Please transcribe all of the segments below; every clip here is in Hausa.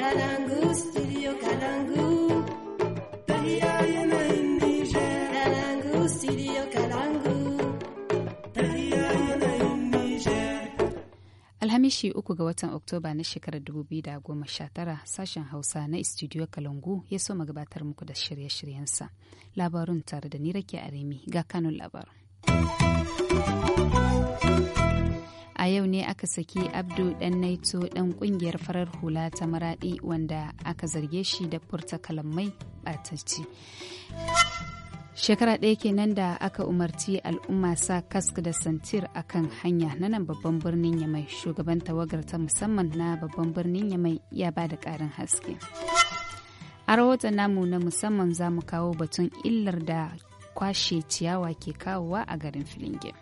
Kalangu, Alhamishi uku ga watan Oktoba na shekarar 2019 sashen Hausa na studio Kalangu ya so gabatar muku da shirye-shiryensa. Labarun tare da ni rake Arimi ga kanun labarun a yau ne aka saki abdu dan naito dan kungiyar farar hula ta maradi wanda aka zarge shi da furta kalamai batacci shekara ɗaya kenan da aka umarci al'umma sa kask da santir akan hanya na nan babban birnin yamai shugaban tawagar ta musamman na babban birnin yamai ya ba da ƙarin haske a rahoton namu na musamman za mu kawo batun illar da kwashe ciyawa ke kawowa a garin filinge.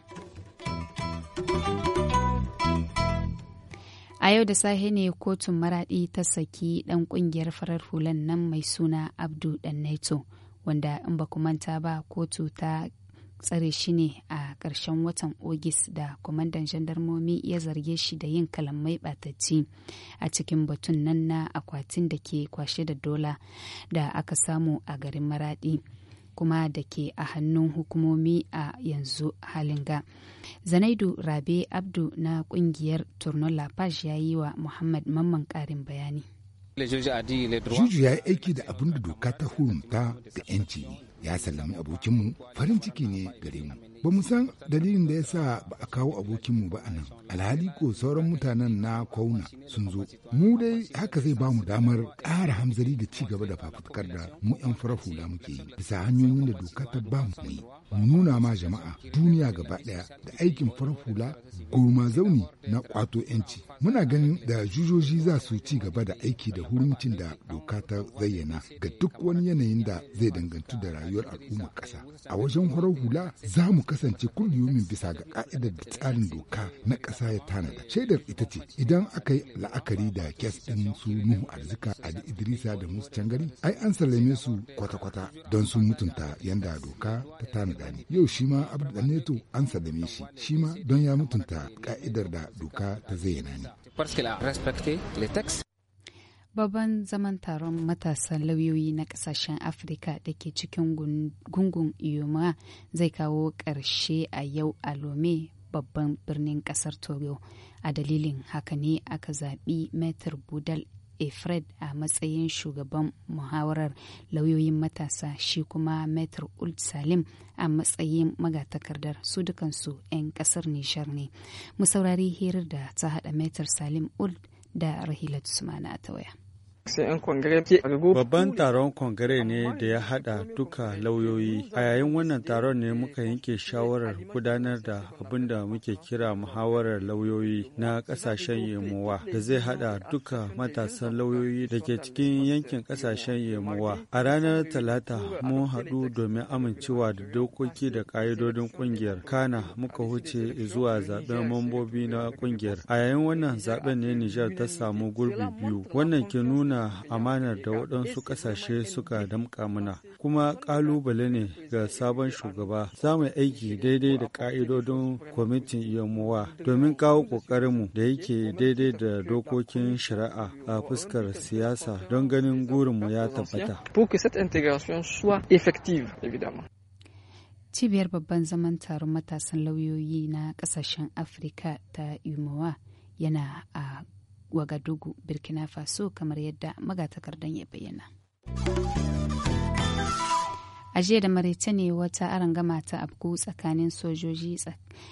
A yau da sahe ne kotun maraɗi ta saki ɗan ƙungiyar farar hulan nan mai suna Abdu naito wanda in ba ku manta ba kotu ta tsare shi ne a ƙarshen watan Ogis da kwamandan jandarmomi ya zarge shi da yin kalamai ɓatacci a cikin batun nan na akwatin da ke kwashe da dola da aka samu a garin maraɗi. kuma da ke a hannun hukumomi a yanzu halin ga. Zanaidu Rabe Abdu na kungiyar Turnon Lafash ya yi wa Muhammad Mamman ƙarin bayani. Juju ya yi aiki da abin da doka ta hurumta da 'yanci ya sallami abokinmu farin ciki ne gare mu. ba mu san dalilin da ya sa ba a kawo abokinmu ba a nan alhali ko sauran mutanen na kwauna sun zo mu dai haka zai ba mu damar ƙara hamzari da ci gaba da fafutukar da mu 'yan farar hula muke yi bisa hanyoyin da doka ta ba mu yi mu nuna ma jama'a duniya gaba ɗaya da aikin farar goma zauni na kwato 'yanci muna ganin da jujoji za su ci gaba da aiki da hurumcin da doka ta zayyana ga duk wani yanayin da zai dangantu da rayuwar al'ummar ƙasa a wajen farafula hula za mu kasance kulliyomin bisa ga ka'idar da tsarin doka na ƙasa ya tanada. Shaidar ita ce idan aka yi la'akari da kes ɗin su Nuhu Arzika Ali Idrisa da Musa Cangari ai an sallame su kwata-kwata don sun mutunta yanda doka ta tanada ne. Yau shi ma Abdul an sallame shi shi ma don ya mutunta ka'idar da doka ta zayyana ne. Parce les textes. Babban zaman taron matasan lauyoyi na kasashen Afirka da ke cikin gungun Iyoma zai kawo ƙarshe a yau a Lome babban birnin ƙasar Togo. A dalilin haka ne aka zaɓi metr Budal Efred a matsayin shugaban muhawarar lauyoyin matasa shi kuma metr Ult Salim a matsayin magatakardar su dukansu 'yan ƙasar Nishar ne. Mu saurari hirar da ta haɗa metar Salim Ult da Rahilat Sumana a ta waya. Babban taron kongare ne da ya hada duka lauyoyi. A yayin wannan taron ne muka yanke shawarar gudanar da abin da muke kira muhawarar lauyoyi na kasashen yemowa da zai hada duka matasan lauyoyi da ke cikin yankin kasashen yemowa. A ranar Talata mun haɗu domin amincewa da dokoki da ƙa'idodin ƙungiyar. Kana muka huce zuwa zaben mambobi na ƙungiyar. A yayin wannan zaben ne Nijar ta samu gurbi biyu. Wannan ke nuna tuna amanar da waɗansu ƙasashe suka damƙa mana kuma ƙalubale ne ga sabon shugaba za mu aiki daidai da ƙa'idodin kwamitin yammuwa domin kawo ƙoƙarinmu da yake daidai da dokokin shari'a a fuskar siyasa don ganin gurinmu ya tabbata. Cibiyar babban zaman taron matasan lauyoyi na ƙasashen Afirka ta imowa yana a wagadugu burkina faso kamar yadda magatakardan ya bayyana a jiya da maraice ne wata arangama ta afku tsakanin sojoji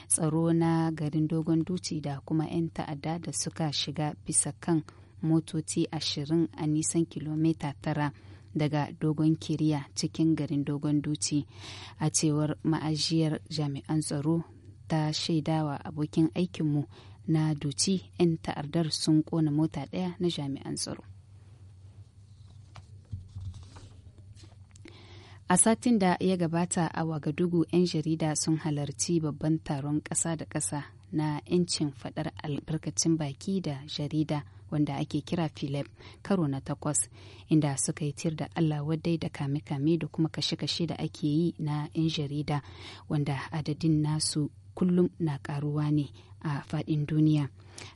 tsaro na garin dogon duci da kuma 'yan ta'adda da suka shiga bisa kan motoci ashirin a nisan kilomita tara daga dogon kiriya cikin garin dogon duci a cewar ma'ajiyar jami'an tsaro ta shaidawa abokin aikinmu na doci 'yan ta'ardar sun kona mota daya na jami'an tsaro a satin da ya gabata a wagadugu 'yan jarida sun halarci babban taron ƙasa da ƙasa na 'yancin faɗar albarkacin baki da jarida wanda ake kira philip karo na takwas inda suka yi tir da allah wadai da kame-kame da kuma kashe-kashe da ake yi na 'yan jarida wanda adadin nasu kullum na karuwa ne a fadin duniya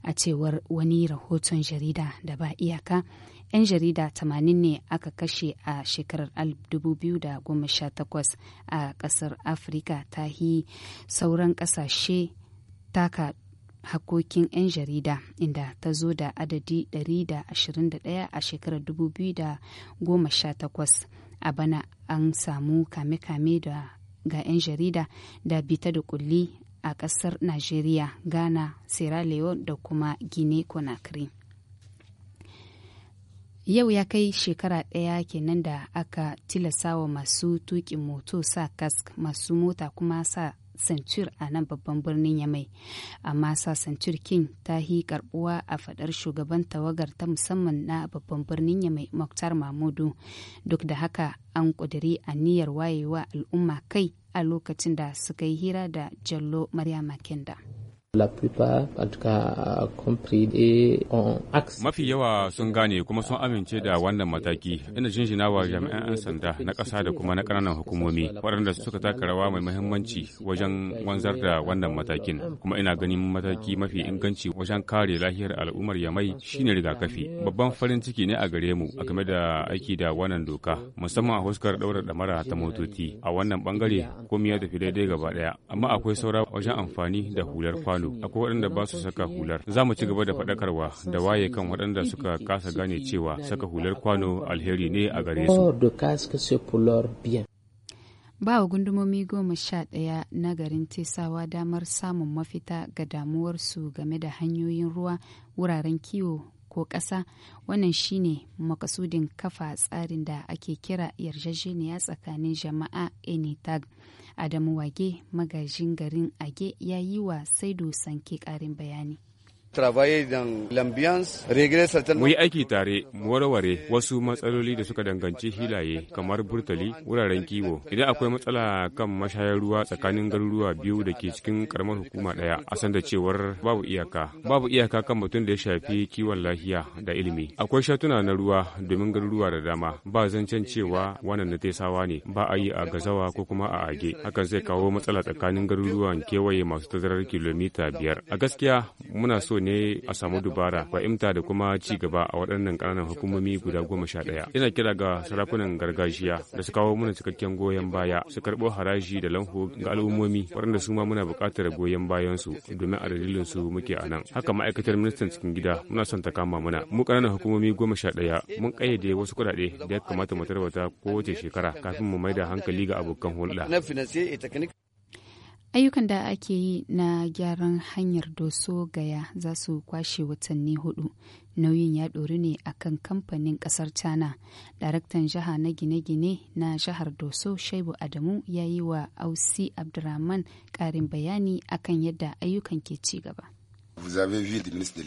a cewar wani rahoton jarida da ba iyaka 'yan jarida tamanin ne aka kashe a shekarar 2018 a kasar afirka ta yi sauran ƙasashe taka hakokin 'yan jarida inda ta zo da adadi 121 a shekarar 2018 a bana an samu kame-kame ga 'yan jarida da bita da kulli a ƙasar Najeriya, Ghana, Sierra Leone da kuma Guinea Conakry. yau ya kai shekara ɗaya kenan da aka wa masu tuƙin moto sa kask masu mota kuma sa sancur a nan babban birnin yamai amma sa sancur king ta yi karbuwa a fadar shugaban tawagar ta musamman na babban birnin yamai maktar mahmudu duk da haka an a niyyar wayewa al'umma kai a lokacin da suka yi hira da jallo maryama kenda. La plupart, en compris et axe. Mafi yawa sun gane kuma sun amince da wannan mataki. Ina jinjina wa jami'an 'yan sanda na kasa da kuma na ƙananan hukumomi waɗanda suka taka rawa mai muhimmanci wajen wanzar da wannan matakin. Kuma ina ganin mataki mafi inganci wajen kare lafiyar al'ummar Yamai shine rigakafi. Babban farin ciki ne a gare mu a game da aiki da wannan doka, musamman a huskar ɗaura ɗamara ta motoci. A wannan ɓangare, komai ya tafi daidai gaba ɗaya, amma akwai saura wajen amfani da hular kwano. falo akwai waɗanda ba su saka hular za mu ci gaba da faɗakarwa da waye kan waɗanda suka kasa gane cewa saka hular kwano alheri ne a gare su ba wa gundumomi goma sha ɗaya na garin tesawa damar samun mafita ga damuwarsu game da hanyoyin ruwa wuraren kiwo ko ƙasa wannan shine makasudin kafa tsarin da ake kira yarjejeniya tsakanin jama'a enitag adamu wage magajin garin age ya yi wa saido sanke ƙarin bayani muyi aiki tare, mu warware wasu matsaloli da suka danganci hilaye kamar burtali, wuraren kiwo. Idan akwai matsala kan mashayar ruwa tsakanin garuruwa biyu da ke cikin karamar hukuma ɗaya, a san da cewar babu iyaka. Babu iyaka kan mutum da ya shafi kiwon lafiya da ilimi. Akwai shatuna na ruwa domin garuruwa da dama. Ba zancen cewa wannan na tesawa ne, ba a yi a gazawa ko kuma a age. Hakan zai kawo matsala tsakanin garuruwan kewaye masu tazarar kilomita biyar. A gaskiya muna so ne a samu dubara fahimta da kuma ci gaba a waɗannan ƙananan hukumomi guda goma sha ɗaya ina kira ga sarakunan gargajiya da su kawo mana cikakken goyon baya su karɓo haraji da lanho ga al'ummomi waɗanda su ma muna buƙatar goyon bayan su domin a dalilin su muke a nan haka ma'aikatar ministan cikin gida muna son ta kama mana mu ƙananan hukumomi goma sha ɗaya mun ƙayyade wasu kuɗaɗe da ya kamata mu tarwata kowace shekara kafin mu maida hankali ga abokan hulɗa ayyukan da ake yi na gyaran hanyar doso gaya za su kwashe watanni hudu nauyin ya ɗori ne akan kamfanin ƙasar china daraktan jiha na gine-gine na jihar doso shaibu adamu ya yi wa ausi abdulrahman ƙarin bayani akan yadda ayyukan ke ci gaba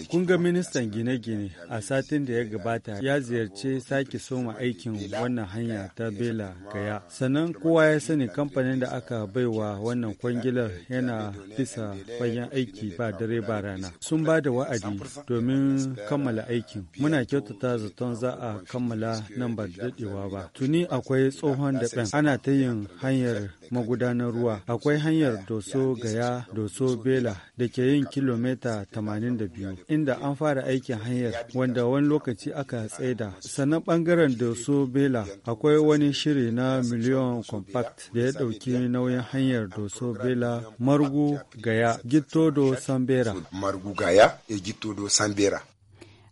Kun ga ministan gine-gine a satin da ya gabata ya ziyarci sake soma aikin wannan hanya ta Bela Gaya. Sannan kowa ya sani kamfanin da aka baiwa wannan kwangilar yana bisa fayan aiki ba dare ba rana. Sun ba da wa'adi domin kammala aikin. Muna kyautata zaton za a kammala nan ba daɗewa ba. Tuni akwai tsohon da ana ta yin hanyar magudanar ruwa. Akwai hanyar Doso Gaya Doso Bela da ke yin kilomita 1982 inda an fara aikin hanyar wanda wani lokaci aka tsaida. Sannan bangaren da so Bela akwai wani shiri na miliyon compact da ya ɗauki nauyin hanyar Doso Bela Margu Gaya Gittodo Sambera. Margu Gaya e do Sambera.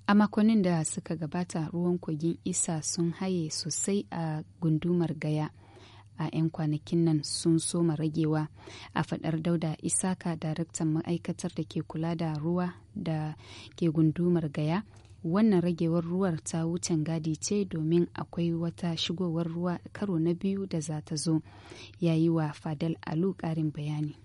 A makonin da suka gabata ruwan kogin isa sun haye sosai a gundumar Gaya. a 'yan kwanakin nan sun soma ragewa a fadar dauda isaka daraktan ma'aikatar da ke kula da ruwa da ke gundumar gaya wannan ragewar ruwar ta wucen gadi ce domin akwai wata shigowar ruwa karo na biyu da za ta zo yayi wa fadal alu karin bayani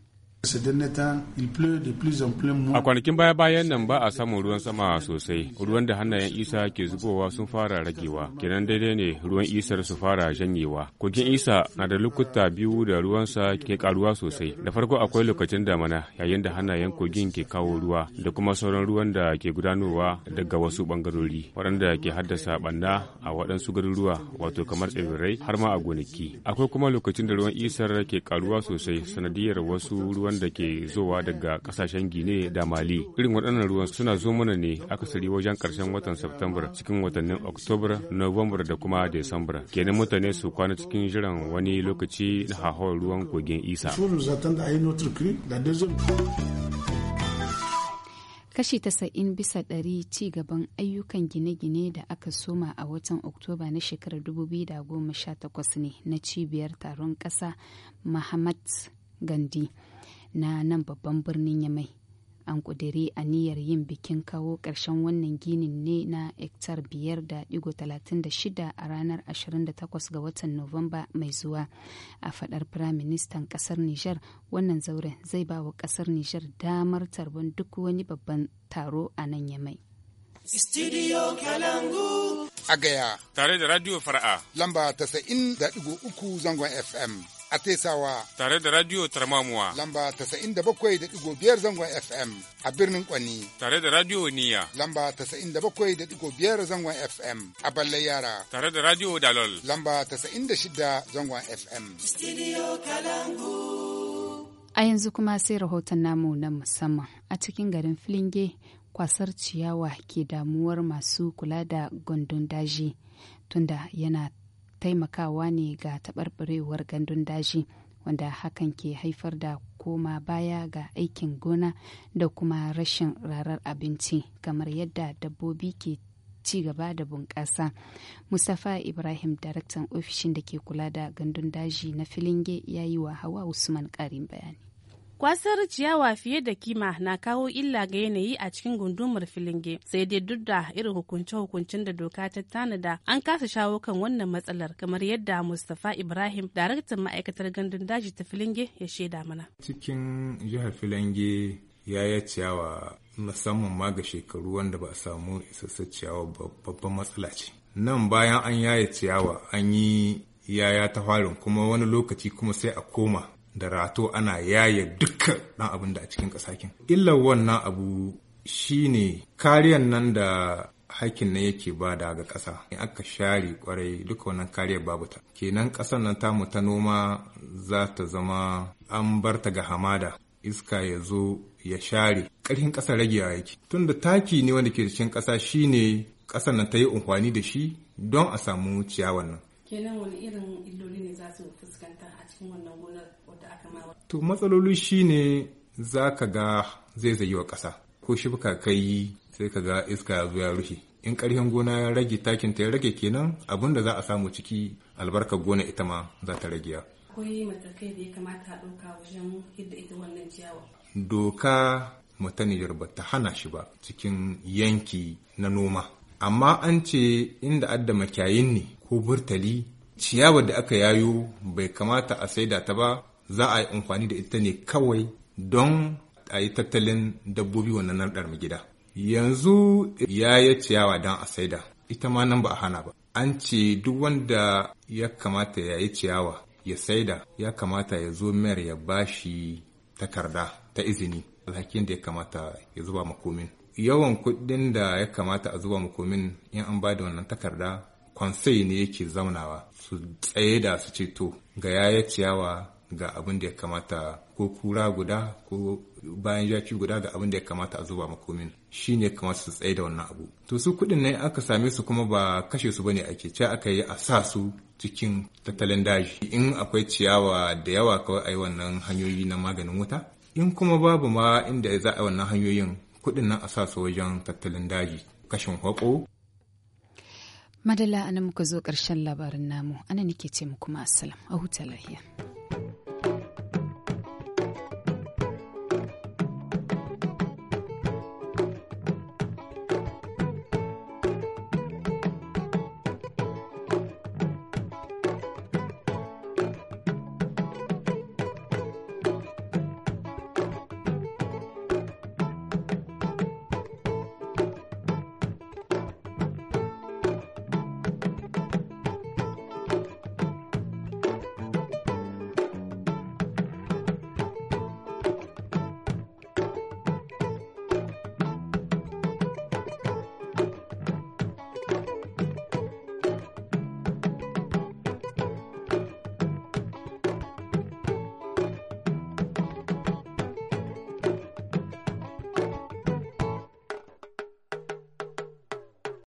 A kwanakin baya-bayan nan ba a samun ruwan sama sosai, ruwan da hannayen isa ke zubowa sun fara ragewa, kenan daidai ne ruwan isar su fara janyewa. Kogin isa na da lokuta biyu da ruwansa ke karuwa sosai, da farko akwai lokacin damana yayin da hannayen kogin ke kawo ruwa da kuma sauran ruwan da ke gudanowa daga wasu bangarori, waɗanda ke haddasa ɓanna a waɗansu garuruwa wato kamar tsibirai har ma a gonaki. Akwai kuma lokacin da ruwan isar ke karuwa sosai sanadiyar wasu ruwan wanda ke zowa daga kasashen Gine da Mali. Irin waɗannan ruwan suna zo mana ne akasari wajen ƙarshen watan September cikin watannin october november da kuma december Kenan mutane su kwana cikin jiran wani lokaci na hahawar ruwan kogin Isa. kashi tasa'in bisa ɗari ci gaban ayyukan gine-gine da aka soma a watan oktoba na shekarar 2018 ne na cibiyar taron ƙasa mahamad gandi na nan babban birnin Yamai. An ƙudiri aniyar yin bikin kawo ƙarshen wannan ginin ne na hektar biyar da digo talatin da shida a ranar 28 ga watan Nuwamba mai zuwa. A faɗar Firaministan ƙasar Nijar, wannan zauren zai ba wa ƙasar Nijar damar tarbon duk wani babban taro a nan Yamai. Studio Kalangu. A gaya. Tare da Radio Fara'a. Lamba 93.3 zangon FM. a Tesawa. Tare da Radio Tarmamuwa. Lamba 97.5 zangon FM a birnin Kwani. Tare da Radio Niya. Lamba 97.5 zangon FM a ballai Yara. Tare da Radio Dalol. Lamba 96 zangon FM. A yanzu kuma sai rahoton namu na musamman a cikin garin Filinge kwasar ciyawa ke damuwar masu kula da gondon daji tunda yana taimakawa ne ga taɓarɓarewar gandun daji wanda hakan ke haifar da koma baya ga aikin gona da kuma rashin rarar abinci kamar yadda dabbobi ke ci gaba da bunƙasa. Mustapha Ibrahim daraktan ofishin da ke kula da gandun daji na Filinge ya yi wa Hawa Usman ƙarin bayani. Kwasar ciyawa fiye da kima na kawo illa ga yanayi a cikin gundumar filinge sai dai duk da irin hukunce-hukuncen da doka ta tanada an kasa shawo kan wannan matsalar kamar yadda Mustapha Ibrahim daraktan ma'aikatar gandun daji ta filinge ya shaida mana. Cikin jihar filinge yi ciyawa musamman ma ga shekaru wanda ba a samu isassar ciyawa babban matsala ce. Nan bayan an yaya ciyawa an yi yaya ta kuma wani lokaci kuma sai a koma da rato ana yaye dukkan ɗan abin da a cikin ƙasakin. Illar wannan abu shine kariyan nan da hakin na yake bada ga ƙasa in aka share kwarai duka wannan kariyar babu ta kenan ƙasar nan tamu ta noma za ta zama an bar ta ga hamada iska ya zo ya share ƙarfin ƙasa ragewa yake tunda taki ne wanda ke cikin ƙasa shine ƙasar nan ta yi amfani da shi don a samu ciyawan nan kenan wani irin illoli ne za su fuskanta a cikin wannan gonar wadda aka to matsaloli shine za ka ga zai zayi wa ƙasa ko shi ka yi sai ka ga iska ya zo ya in ƙarfin gona ya rage takin ta ya rage kenan abin da za a samu ciki albarkar gona ita ma za ta rage ya akwai matakai da ya kamata a ɗauka wajen yadda ita wannan ciyawa doka mutaniyar ba ta hana shi ba cikin yanki na noma amma an ce inda adda makiyayin ne ko burtali ciyawar da aka yayo bai kamata a saida ta ba za a yi amfani da ita ne kawai don a yi tattalin dabbobi wannan nan gida yanzu ya yi ciyawa don a saida ita ma nan ba a hana ba an ce duk wanda ya kamata ya yi ciyawa ya saida ya kamata ya zo mayar ya ba shi takarda ta izini alhakin da ya kamata ya zuba makomin yawan kuɗin da ya kamata a zuba makomin in an ba da wannan takarda kwansai ne yake zaunawa su tsaye da su ce to ga yaya ciyawa ga abin da ya kamata ko kura guda ko bayan jaki guda ga abin da ya kamata a zuba makomin shi ne kamata su tsaye da wannan abu to su kuɗin ne aka same su kuma ba kashe su bane ake ce aka yi a sa su cikin tattalin daji in akwai ciyawa da yawa kawai a yi wannan hanyoyi na maganin wuta in kuma babu ma inda za a yi wannan hanyoyin kuɗin nan a sa su wajen tattalin daji kashin hwako madalla anan muka zo ƙarshen labarin namu ana nake ce muku ma assalam a huta lahiya